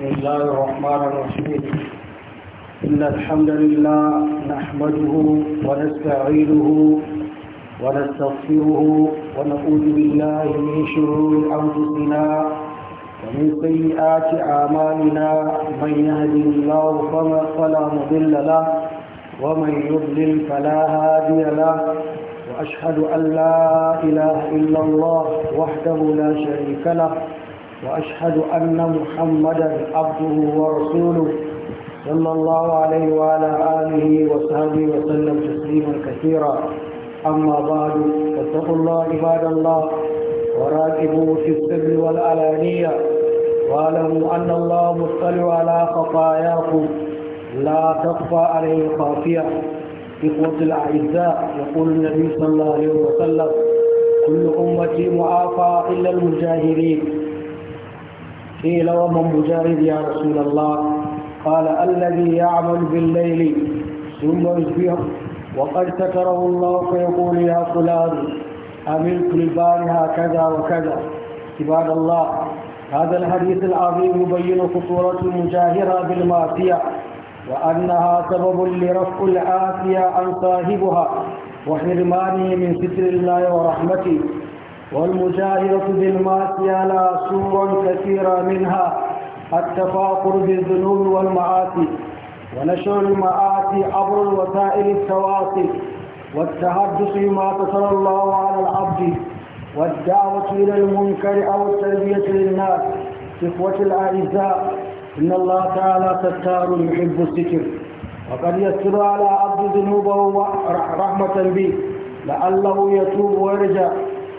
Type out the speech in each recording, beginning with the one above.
بسم الله الرحمن الرحيم إن الحمد لله نحمده ونستعينه ونستغفره ونعوذ بالله من شرور أنفسنا ومن سيئات أعمالنا من يهد الله فلا مضل له ومن يضلل فلا هادي له وأشهد أن لا إله إلا الله وحده لا شريك له وأشهد أن محمدا عبده ورسوله صلى الله عليه وعلى آله وصحبه وسلم تسليما كثيرا أما بعد فاتقوا الله عباد الله وراكبوا في السر والألانية واعلموا أن الله مطلع على خطاياكم لا تخفى عليه خافية إخوة الأعزاء يقول النبي صلى الله عليه وسلم كل أمتي معافى إلا المجاهرين قيل ومن مجاهد يا رسول الله قال الذي يعمل بالليل ثم يصبح وقد ستره الله فيقول يا فلان عملت البارحة كذا وكذا عباد الله هذا الحديث العظيم يبين خطورة المجاهرة بالمعصية وأنها سبب لرفع العافية عن صاحبها وحرمانه من ستر الله ورحمته والمجاهرة بالمعصية على صور كثيرة منها التفاخر بالذنوب والمعاصي ونشر المعاصي عبر الوسائل التواصي والتحدث بما تسر الله على العبد والدعوة إلى المنكر أو التربية للناس صفوة الأعزاء إن الله تعالى ستار يحب الذكر وقد يسر على عبد ذنوبه رحمة به لعله يتوب ويرجع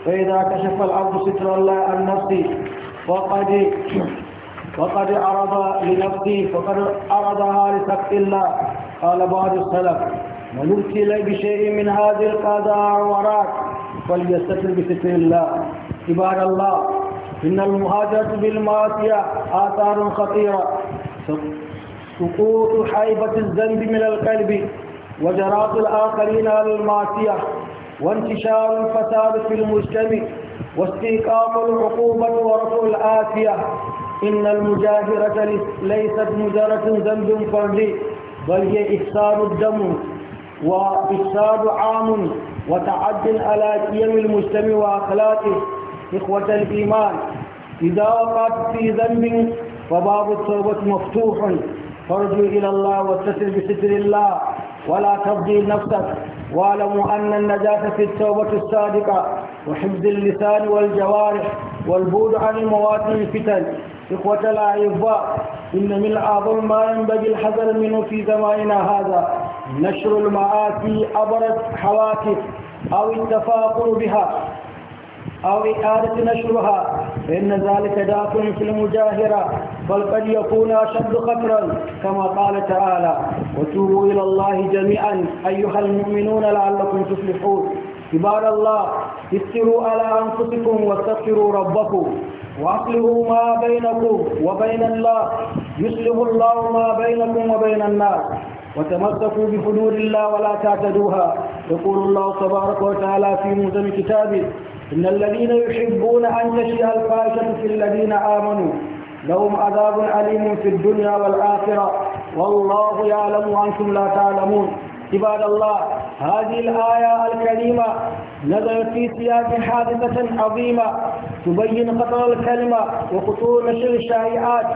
فإذا كشف العبد ستر الله عن نفسي فقد وقد عرض لنفسي فقد عرضها لسخط الله قال بعض السلف من ابتلي بشيء من هذه القضاء وراك فليستتر بستر الله عباد الله إن المهاجرة بالمعاصية آثار خطيرة سقوط حيبة الذنب من القلب وجرات الآخرين على المعصية وانتشار الفساد في المجتمع واستيقاظ العقوبة ورفع الآفية إن المجاهرة ليست مجرد ذنب فردي بل هي إفساد الدم وإفساد عام وتعد على قيم المجتمع وأخلاقه إخوة الإيمان إذا وقعت في ذنب فباب التوبة مفتوح فارجو إلى الله واتصل بستر الله ولا تفضي نفسك واعلموا أن النجاة في التوبة الصادقة وحفظ اللسان والجوارح والبعد عن مواطن الفتن إخوة الأعزاء إن من أعظم ما ينبغي الحذر منه في زماننا هذا نشر المآسي عبر الحواتف أو التفاخر بها أو إعادة نشرها فإن ذلك دافع في المجاهرة بل قد يكون أشد خطرا كما قال تعالى وتوبوا إلى الله جميعا أيها المؤمنون لعلكم تفلحون عباد الله استروا على أنفسكم واستغفروا ربكم وأصلحوا ما بينكم وبين الله يصلح الله ما بينكم وبين الناس وتمسكوا بحدود الله ولا تعتدوها يقول الله تبارك وتعالى في معظم كتابه إن الذين يحبون أن تشيء الفاشة في الذين آمنوا لهم عذاب أليم في الدنيا والآخرة والله يعلم وأنتم لا تعلمون عباد الله هذه الآية الكريمة نزلت في سياق حادثة عظيمة تبين خطر الكلمة وخطور نشر الشائعات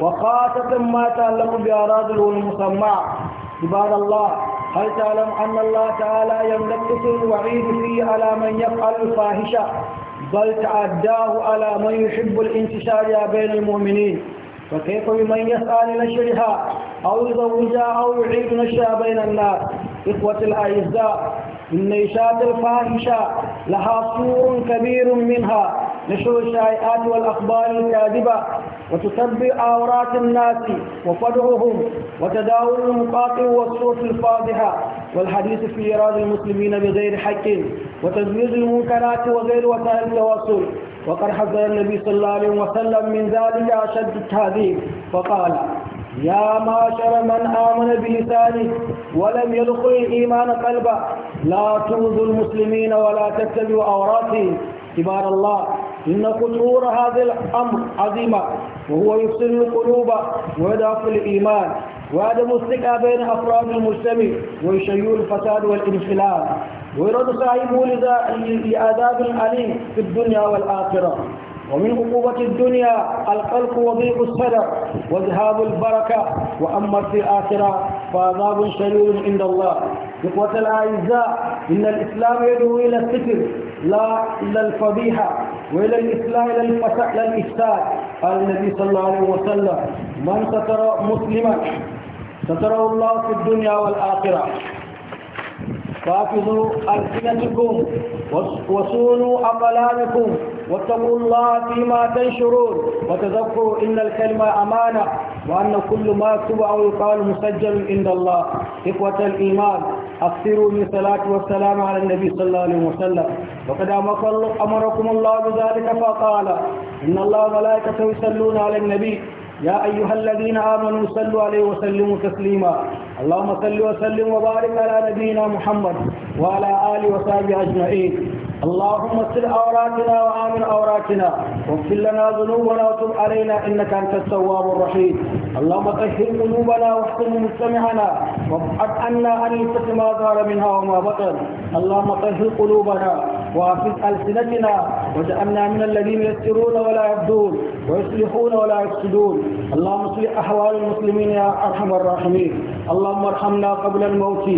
وخاصة ما يتعلق بأراضي العلوم المسمعة عباد الله هل تعلم أن الله تعالى يملكس الوعيد فيه على من يفعل الفاحشة بل تعداه على من يحب الانتشار بين المؤمنين فكيف بمن يسعى لنشرها أو يزوجها أو يعيد نشرها بين الناس إخوة الأعزاء إن إشاعة الفاحشة لها سوء كبير منها نشر الشائعات والأخبار الكاذبة وتسبي عورات الناس وفدعهم وتداول المقاطع والصوت الفاضحة والحديث في إراد المسلمين بغير حق وتزويج المنكرات وغير وسائل التواصل وقد حذر النبي صلى الله عليه وسلم من ذلك أشد التهذيب فقال يا معشر من آمن بلسانه ولم يدخل الإيمان قلبه لا تؤذوا المسلمين ولا تتبعوا أوراتهم كبار الله إن خطور هذا الأمر عظيمة وهو يفصل القلوب ويدعف الإيمان وعدم الثقة بين أفراد المجتمع ويشيع الفساد والانخلاف ويرد صاحبه لعذاب الأليم في الدنيا والآخرة ومن عقوبة الدنيا القلق وضيق الصدر وذهاب البركة وأما في الآخرة فعذاب شديد عند الله إخوة الأعزاء إن الإسلام يدعو إلى الستر لا إلى الفضيحة وإلى الإصلاح إلى الفساد قال النبي صلى الله عليه وسلم من ستر مسلما ستره الله في الدنيا والآخرة حافظوا ألسنتكم وصونوا أقلامكم واتقوا الله فيما تنشرون وتذكروا إن الكلمة أمانة وأن كل ما يكتب أو يقال مسجل عند الله إخوة الإيمان أكثروا من الصلاة والسلام على النبي صلى الله عليه وسلم وقد أمركم الله بذلك فقال إن الله ملائكة يصلون على النبي يا أيها الذين آمنوا صلوا عليه وسلموا تسليما اللهم صل وسلم وبارك على نبينا محمد وعلى آله وصحبه أجمعين اللهم استر اوراقنا وآمن اوراقنا واغفر لنا ذنوبنا وتب علينا إنك أنت التواب الرحيم اللهم طهر قلوبنا واحسن مستمعنا وابحث عنا أن ما ظهر منها وما بطن اللهم طهر قلوبنا وافز ألسنتنا وجعلنا من الذين يسرون ولا يبدون ويصلحون ولا يفسدون اللهم اصلح احوال المسلمين يا ارحم الراحمين اللهم ارحمنا قبل الموت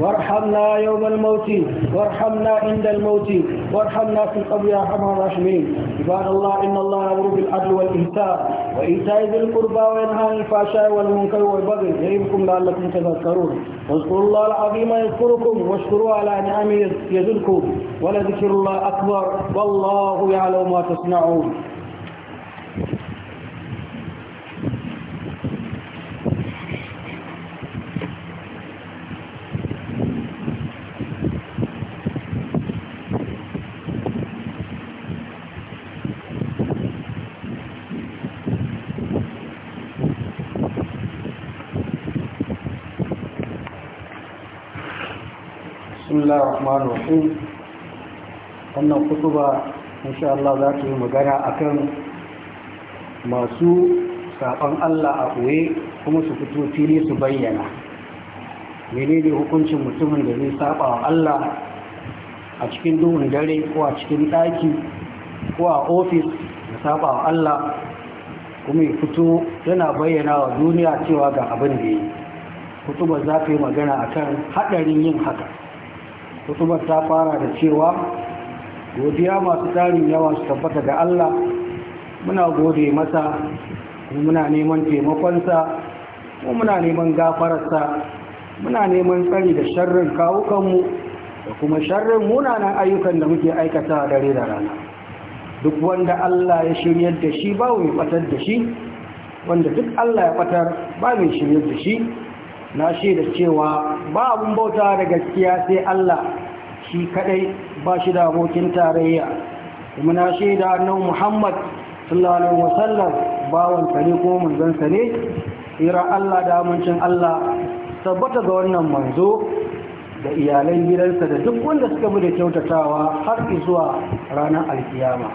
وارحمنا يوم الموت وارحمنا عند الموت وارحمنا في القبر يا ارحم الراحمين عباد الله ان الله يامر بالعدل والاحسان وايتاء ذي القربى وينهى عن الفحشاء والمنكر والبغي يعظكم لعلكم تذكرون واذكروا الله العظيم يذكركم واشكروا على نعمه يزدكم ولذكر الله اكبر والله والله يعلم ما تصنعون بسم الله الرحمن الرحيم أن الخطبة insha Allah za su yi magana akan masu saƙon Allah a ɓoye kuma su fito fili su bayyana menene hukuncin mutumin da zai saɓa wa Allah a cikin duhun dare ko a cikin ɗaki ko a ofis da saɓa wa Allah kuma ya fito yana bayyana wa duniya cewa ga abin da yi kutubar za ta yi magana akan haɗarin yin haka kutubar ta fara da cewa godiya masu tarin yawa su tabbata da Allah muna gode masa muna neman taimakonsa muna neman gafararsa muna neman tsari da sharrin kawukanmu da kuma sharrin munanan ayyukan da muke aikata dare da rana duk wanda Allah ya shirya da shi ba mai fatar da shi wanda duk Allah ya fatar ba mai shiryar da shi na shaida cewa ba abin bauta da gaskiya sai Allah shi kadai ba shi da abokin tarayya kuma na shaida annabi Muhammad sallallahu alaihi wasallam bawan sa ne ko manzon sa ne ira Allah da amincin Allah tabbata ga wannan manzo da iyalan gidansa da duk wanda suka bude kyautatawa har zuwa ranar alkiyama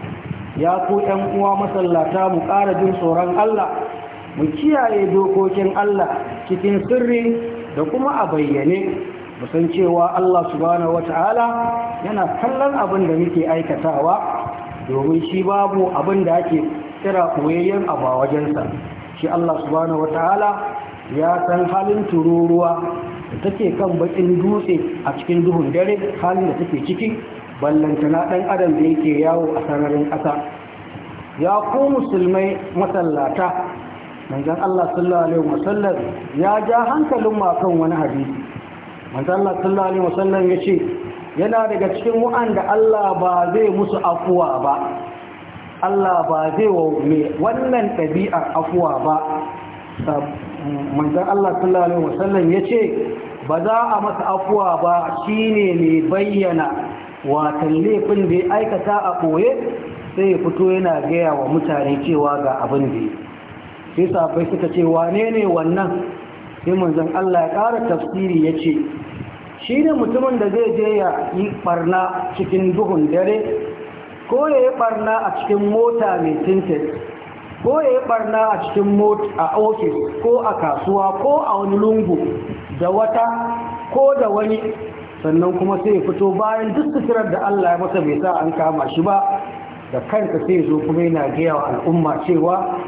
ya ku ‘yan uwa masallata mu ƙara jin tsoron Allah mu kiyaye dokokin Allah cikin sirri da kuma a bayyane musan cewa Allah subhanahu wata'ala yana kallon abin da muke aikatawa domin shi babu abin da ake kira koyayyen abu wajensa shi Allah subhanahu wata'ala ya san halin tururuwa da take kan bakin dutse a cikin duhun dare halin da take ciki ballantana ɗan adam da yake yawo a sararin ƙasa ya ku musulmai masallata manzon Allah sallallahu alaihi wasallam ya ja hankalin kan wani hadisi manzo Allah sallallahu alaihi wasallam yace yana daga cikin wa'anda Allah ba zai musu afuwa ba Allah ba zai wa wannan ɗabi'ar afuwa ba manzo Allah sallallahu alaihi wasallam yace ba za a masa afuwa ba shine mai bayyana wa laifin da ya aikata a ɓoye sai ya fito yana gaya wa mutane cewa ga abin da ya sai safai suka ce wane ne wannan sai manzon Allah ya ƙara tafsiri ya ce shi ne mutumin da zai je ya yi ɓarna cikin duhun dare ko ya yi ɓarna a cikin mota mai tinted ko ya yi ɓarna a cikin mota a ofis ko a kasuwa ko a wani lungu da wata ko da wani sannan kuma sai ya fito bayan duk suturar da Allah ya masa bai sa an kama shi ba da kanka sai zo kuma yana gaya wa al'umma cewa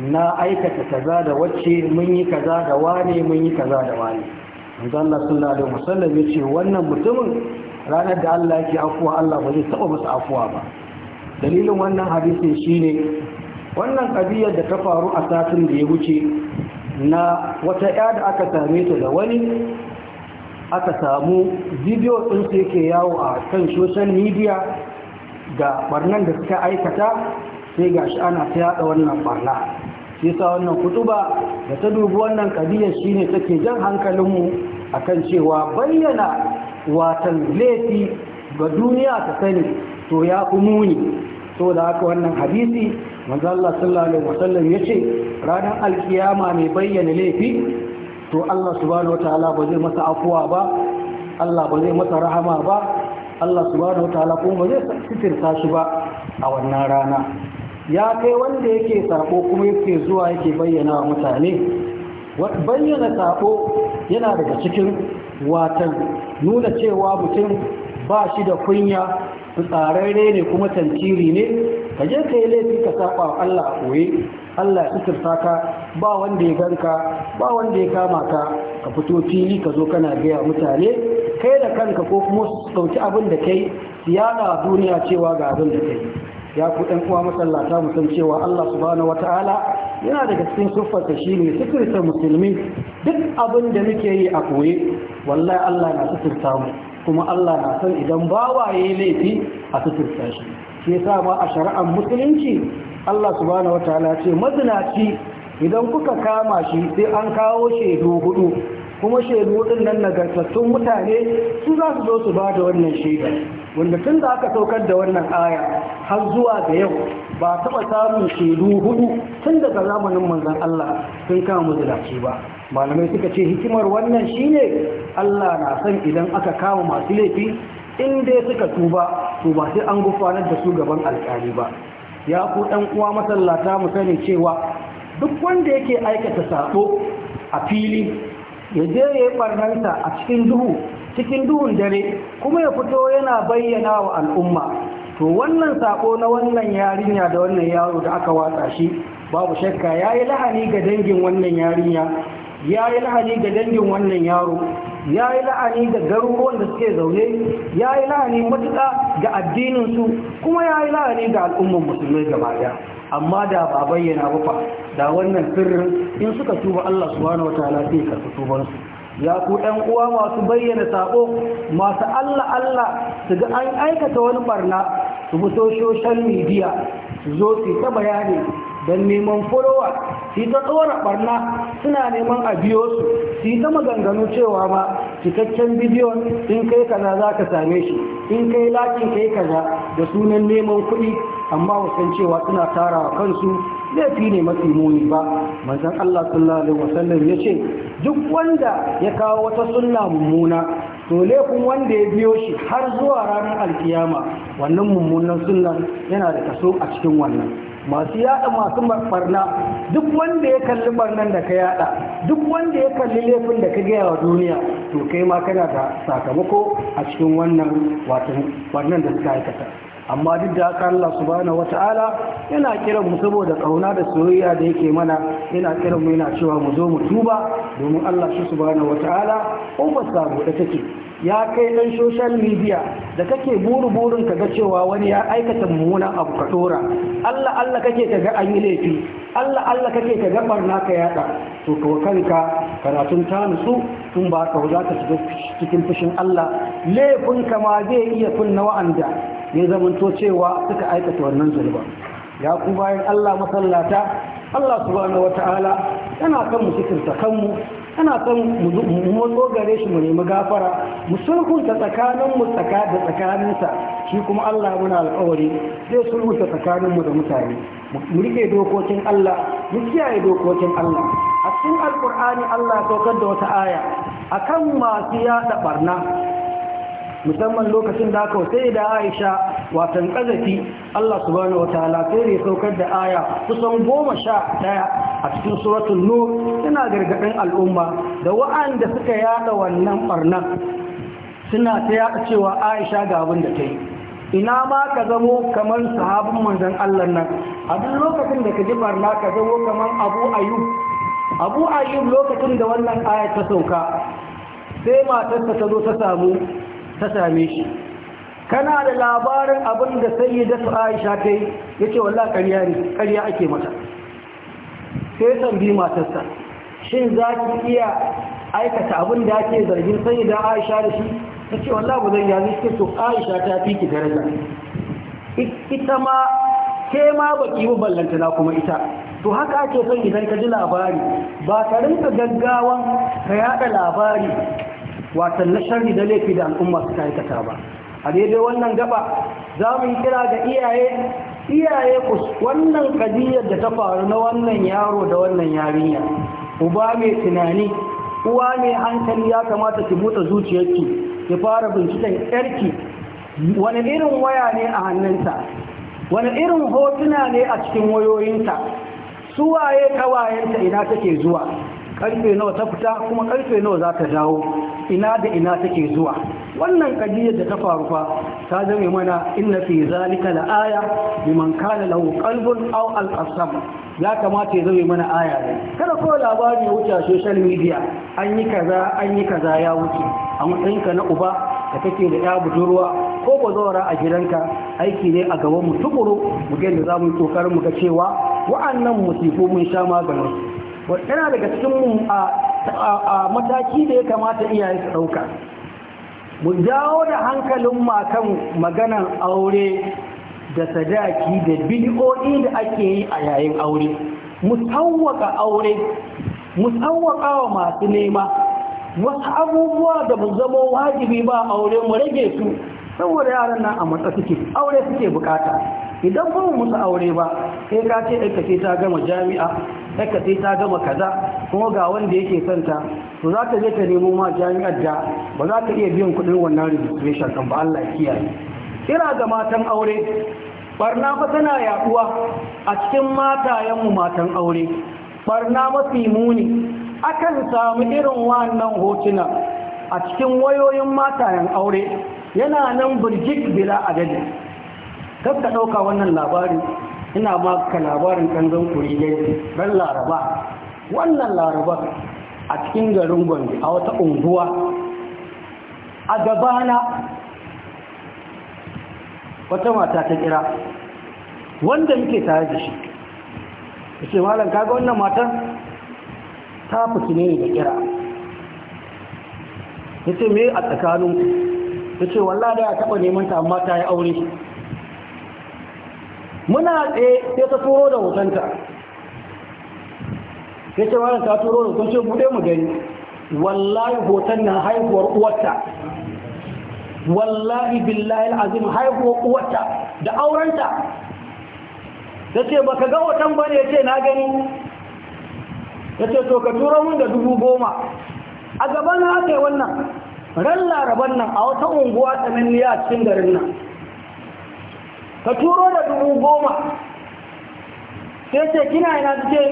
na aikata kaza da wacce mun yi kaza da wane mun yi kaza da wane manzon Allah sallallahu alaihi wasallam ce wannan mutumin ranar da Allah yake afuwa Allah ba zai taba masa afuwa ba dalilin wannan hadisi shine wannan kabiyar da ta faru a satin da ya wuce na wata ya da aka same ta da wani aka samu bidiyo ɗin su yake yawo a kan social media ga barnan da suka aikata sai gashi ana ta yada wannan barna shi yasa wannan kutuba da ta dubi wannan kadiyar shine take jan hankalinmu akan cewa bayyana watan laifi ga duniya ta sani to ya fi muni so da haka wannan hadisi manzo Allah sallallahu alaihi wasallam yace ranar alkiyama mai bayyana laifi to Allah subhanahu wataala ba zai masa afuwa ba Allah ba zai masa rahama ba Allah subhanahu wataala kuma zai sitirta shi ba a wannan rana ya kai wanda yake sako kuma yake zuwa yake bayyana wa mutane bayyana sako yana daga cikin watan nuna cewa mutum ba shi da kunya tsararre ne kuma tantiri ne ka je ka yi laifi ka saba wa Allah a koye Allah ya suturta ka ba wanda ya ganka ba wanda ya kama ka ka fito fili ka zo kana gaya mutane kai da kanka ko kuma su dauki abin da kai su duniya cewa ga abin da kai ya ku ɗan uwa masallata mu san cewa Allah subhanahu wata'ala yana daga cikin siffarsa mai sifirta musulmi duk abin da muke yi a koye wallahi Allah na sifirta mu kuma Allah na san idan bawaye laifi a sifirta shi shi yasa ma a shari'ar musulunci Allah subhanahu wata'ala ce mazinaci idan kuka kama shi sai an kawo shaidu hudu kuma shaidu din nan nagartattun mutane su za su zo su ba da wannan shaida wanda tun da aka saukar da wannan aya har zuwa da yau ba taɓa samun shaidu hudu tun daga zamanin manzan Allah sun kama muzulaci ba malamai suka ce hikimar wannan shine Allah na san idan aka kama masu laifi in dai suka tuba to ba sai an gufanar da su gaban alƙali ba ya ku ɗan uwa masallata mu sani cewa duk wanda yake aikata sako a fili ya je ya yi barnarsa a cikin duhu cikin duhun dare kuma ya fito yana bayyana wa al'umma to wannan saƙo na wannan yarinya da wannan yaro da aka watsa shi babu shakka ya yi lahani ga dangin wannan yarinya ya yi lahani ga dangin wannan yaro ya yi la'ani ga garuruwan da suke zaune ya yi la'ani matuƙa ga addininsu kuma ya yi la'ani ga al'ummar musulmai gaba ɗaya amma da ba bayyana ba fa da wannan sirrin in suka tuba Allah subhanahu wataala sai ka tuban su ya ku ɗan uwa masu bayyana sako masu Allah Allah su ga an aikata wani barna su bi social media su zo su ta bayani don neman folowa su ta tsora barna suna neman a biyo su su ta maganganu cewa ma cikakken bidiyon in kai kaza za ka same shi in kai lakin kai kaza da sunan neman kuɗi amma wasan cewa suna tara kansu laifi ne mafi muni ba manzon Allah sallallahu alaihi wasallam ya ce duk wanda ya kawo wata sunna mummuna to laifin wanda ya biyo shi har zuwa ranar alkiyama wannan mummunan sunnan yana da kaso a cikin wannan masu yada masu barna duk wanda ya kalli barnan da ka yada duk wanda ya kalli laifin da ka gaya wa duniya to kai ma kana da sakamako a cikin wannan wannan da suka aikata amma duk da haka Allah subhanahu wata'ala yana kiran mu saboda kauna da soyayya da yake mana yana kiran mu yana cewa mu zo mu tuba domin Allah subhanahu wata'ala ko sabo da take ya kai ɗan social media da kake buru-burin ka ga cewa wani ya aikata mummunan abu ka ɗora Allah Allah kake ka ga an yi laifi Allah Allah kake ka ga barna ka yaɗa to ko kanka karatun ta nutsu tun ba ka za ka shiga cikin fushin Allah laifin ka ma zai iya kunna wa'anda ya zamanto cewa suka aikata wannan zulba ya ku bayan Allah masallata Allah subhanahu yana kan mu cikin kanmu yana kan mu motso gare shi mu nemi gafara mu sulhunta tsakanin tsaka da tsakaninsa shi kuma Allah muna alƙawari zai sulhunta tsakanin da mutane mu rike dokokin Allah mu kiyaye dokokin Allah a cikin alƙur'ani Allah ya saukar da wata aya akan masu yaɗa ɓarna. musamman lokacin da aka sai da aisha watan ƙazafi. Allah subhanahu wataala sai ne saukar da aya kusan goma sha daya a cikin suratul nur suna gargadin al'umma da wa'anda suka yada wannan barna suna ta yada cewa aisha ga abin da ta yi ina ma ka zamo kamar sahabin manzon Allah nan a duk lokacin da ka ji barna ka zamo kamar Abu Ayyub Abu Ayyub lokacin da wannan aya ta sauka sai matarsa ta zo ta samu ta same shi kana da labarin abin da sayyidatu Aisha ta yi yace wallahi ƙarya ne ƙarya ake mata sai bi matarsa shin za ki iya aikata abin da ake zargin sayyida Aisha da shi tace wallahi bazan ya ce to Aisha ta fi ki daraja ita ma ke ma baki mu na kuma ita to haka ake son idan ka ji labari ba ka rinka gaggawan ka yada labari watan na sharri da laifi da al'umma suka aikata ba a daidai wannan gaba za mu yi kira ga iyaye iyaye ku wannan kadiyar da ta faru na wannan yaro da wannan yarinya uba mai tunani uwa mai hankali ya kamata ki buɗe zuciyarki ki fara binciken yarki wani irin waya ne a hannunta wani irin hotuna ne a cikin wayoyinta Su suwaye kawayenta ina take zuwa karfe nawa ta fita kuma karfe nawa za ta jawo ina da ina take zuwa wannan kadiyar da ta faru fa ta zame mana inna fi zalika la aya liman kana lahu qalbun aw al ya kamata ya zame mana aya ne kada ko labari ya wuce social media an yi kaza an yi kaza ya wuce a matsayinka na uba da kake da ya budurwa ko ba zaura a gidanka aiki ne a gaban mu tukuru mu ga yadda za mu yi kokarin mu ga cewa wa'annan musifu mun sha maganin yana daga cikin mataki da ya kamata iyaye su ɗauka mu jawo da hankalin makan maganan aure da sadaki da bil'o'i da ake yi a yayin aure mu sauwaka aure mu wa masu nema wasu abubuwa da mu zama wajibi ba aure mu rage su saboda yaran nan a matsa suke aure suke bukata idan kuma musu aure ba sai ka ce ta gama jami'a saka sai ta gama kaza kuma ga wanda yake son ta to za ta je ta nemo ma jami'ar da ba za ta iya biyan kuɗin wannan registration kan ba Allah kiyaye kira ga matan aure barna fa tana yaduwa a cikin matayenmu matan aure barna mafi muni akan samu irin wannan hotuna a cikin wayoyin matayen aure yana nan burjik bila adadi kar ka ɗauka wannan labari ina ba ka labarin kuri ne ran laraba wannan laraba a cikin garin gombe a wata unguwa a gabana wata mata ta kira wanda muke tare da shi ya ce malam kaga wannan matar ta fiki ne da kira ya ce me a tsakanin ya ce wallah da ya taɓa neman ta amma ta yi aure muna tsaye sai ta turo da hotonta ya ce wani ta turo da hoton ce buɗe mu gani wallahi hoton na haihuwar uwarta wallahi billahi azim haihuwar uwarta da aurenta ta ce ba ka ga hoton ba ne ya ce na gani ya ce to ka turo mun da dubu goma a gaban haka wannan ran laraban nan a wata unguwa tsananniya cikin garin nan ka turo da dubu goma sai ce kina ina suke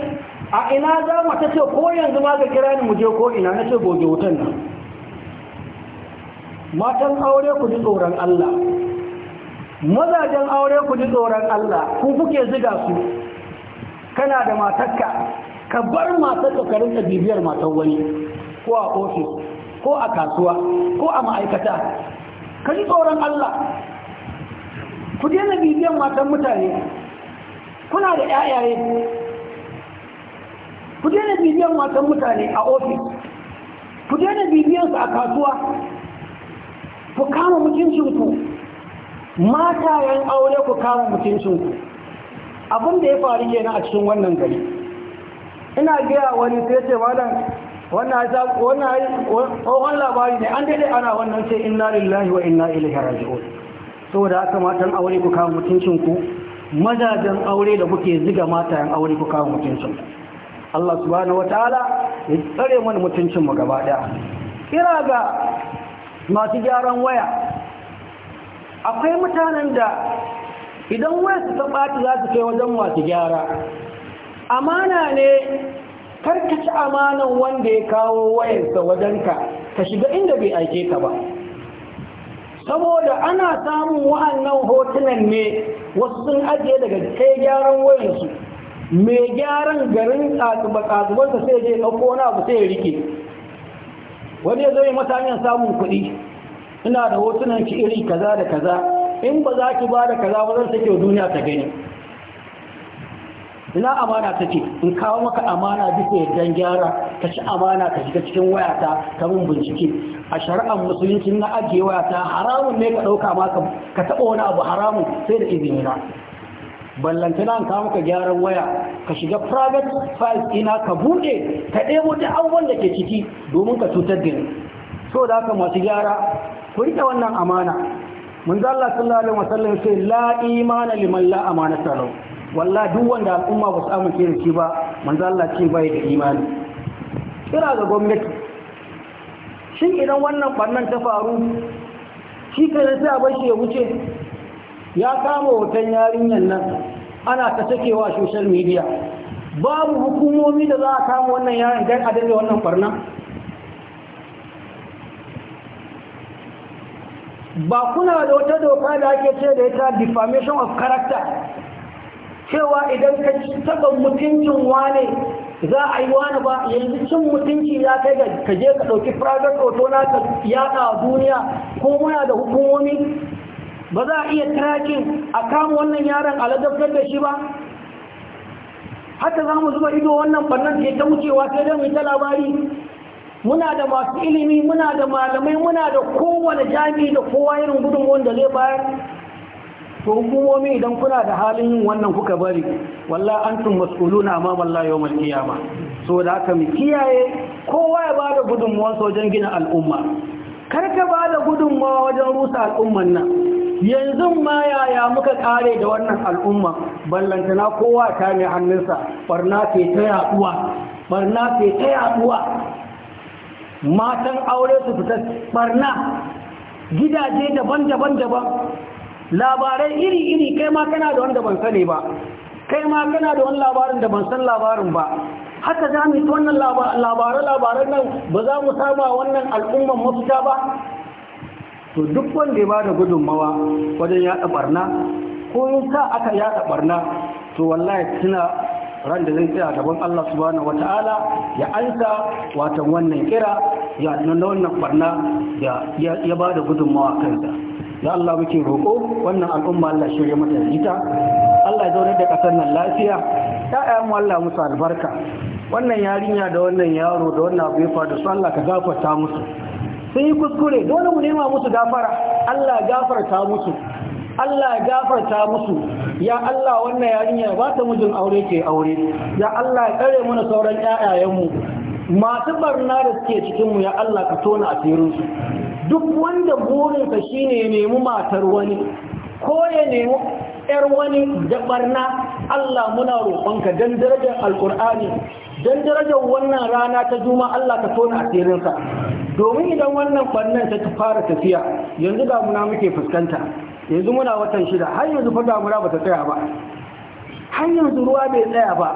a ina za mu ta ce ko yanzu ma ka kira ni mu je ko ina na ce goge wutan nan matan aure ku ji tsoron Allah mazajen aure ku ji tsoron Allah ku kuke ziga su kana da matarka ka bar matar ka rinka bibiyar matar wani ko a ofis ko a kasuwa ko a ma'aikata ka ji tsoron Allah ku daina bibiyan matan mutane kuna da yayaye ku daina bibiyan matan mutane a ofis ku daina bibiyansu a kasuwa ku kama mutuncinku matayen aure ku kama mutuncinku abin da ya faru kenan a cikin wannan gari ina gaya wani sai ce malam wannan labari ne an daidai ana wannan ce inna lillahi wa inna ilaihi raji'un saboda haka matan aure ku kawo mutuncin ku mazajen aure da kuke ziga matayen aure ku kawo mutuncin ku Allah subhanahu wataala ya tsare mana mutuncin mu gaba daya kira ga masu gyaran waya akwai mutanen da idan waya su ta ɓata za su kai wajen masu gyara amana ne karkaci amanan wanda ya kawo wayarsa wajenka ka shiga inda bai aike ka ba saboda ana samun wa'annan hotunan ne wasu sun ajiye daga kai gyaran wayansu mai gyaran garin ƙazubarsa sai je ɗauko wani abu sai ya rike wani ya zai mata samun kuɗi ina da hotunan ki iri kaza da kaza in ba za ki ba da kaza ba zan sake duniya ta gani ina amana take in kawo maka amana bisa yaddan gyara ka ci amana ka shiga cikin wayata ta mun bincike a shari'ar musulunci na ajiye wayata haramun ne ka ɗauka maka ka taɓa wani abu haramun sai da izini na ballantana an kawo maka gyaran waya ka shiga private files ina ka buɗe ka ɗebo da abubuwan da ke ciki domin ka cutar da ni so da haka masu gyara ku riƙe wannan amana mun zalla sallallahu alaihi wasallam sai la imana liman la amana sallallahu walla duk wanda al'umma ba su amince da shi ba manzo Allah ce bai da imani kira ga gwamnati shin idan wannan bannan ta faru shi kai sai a bar shi ya wuce ya kama hoton yarinyar nan ana ta sakewa social media babu hukumomi da za a kama wannan yaron dan a daɗe wannan farnan? ba kuna da wata doka da ake ce da ita defamation of character cewa idan ka taɓa mutuncin wane za a yi wani ba yanzu cin mutunci ya kai ga ka je ka ɗauki fragar auto na ka yaɗa a duniya ko muna da hukumomi ba za a iya tracking a kama wannan yaron aladabtar da shi ba haka za mu zuba ido wannan bannan ke ta wucewa sai dai mu ta labari muna da masu ilimi muna da malamai muna da kowane jami'i da kowa irin gudunmuwan da zai bayar to hukumomi idan kuna da halin yin wannan kuka bari walla antum mas'uluna amama Allah yawmal qiyama so da haka mu kiyaye kowa ya bada gudunmuwa wajen gina al'umma kar ka bada gudunmuwa wajen rusa al'umman nan yanzu ma yaya muka kare da wannan al'umma ballantana kowa ta ne hannunsa barna ke ta barna ke ta matan aure su fita barna gidaje daban-daban daban labarai iri-iri kai ma kana da wanda ban sani ba kai ma kana da wani labarin da ban san labarin ba haka za mu yi wannan labarai-labaran nan ba za mu saba wannan al'umman mafita ba to duk wanda ya ba da gudunmawa wajen ya barna ko yin sa aka yada barna to wallahi tuna ran da zai tsaya gaban Allah subhanahu wata'ala ya ansa watan wannan kira ya nuna wannan barna ya ba da gudunmawa kansa da Allah muke roƙo wannan al'umma Allah shirya mata jita Allah ya zaune da ƙasar nan lafiya ya'ya mu Allah musu albarka wannan yarinya da wannan yaro da wannan abu ya faru su Allah ka gafarta musu sun yi kuskure dole mu nema musu gafara Allah gafarta musu Allah gafarta musu ya Allah wannan yarinya ba ta mijin aure ke aure ya Allah ya tsare mana sauran ƴaƴayenmu masu barna da suke cikinmu ya Allah ka tona su duk wanda burinsa shine ya nemi matar wani ko ya nemi ‘yar wani da barna Allah muna roƙonka don darajar alƙur'ani don darajar wannan rana ta juma Allah ka tona asirinsa domin idan wannan barnan ta fara tafiya yanzu damuna muke fuskanta yanzu muna watan shida har yanzu fa damuna ba ta tsaya ba har yanzu ruwa bai tsaya ba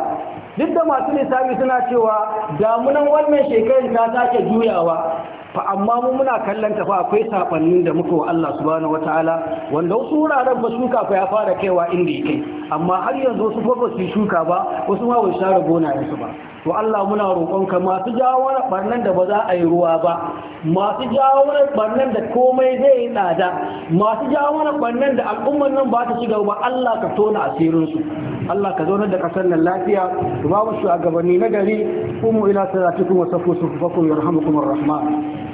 duk da masu lissafi suna cewa damunan wannan shekarar ta sake juyawa fa amma mu muna kallon ta fa akwai sabannin da muka wa Allah subhanahu wataala wanda wasu wuraren ba shuka fa ya fara kaiwa inda yake amma har yanzu wasu fa ba su shuka ba wasu ma bai share da su ba to Allah muna ka masu jawo wani barnan da ba za a yi ruwa ba masu jawo barnan da komai zai yi tsada masu jawo barnan da al'ummar nan ba ta ci gaba Allah ka tona asirin su Allah ka zaunar da kasar nan lafiya ku ba mu shugabanni na gari kuma ila salatikum wa safu sufufakum yarhamukumur rahman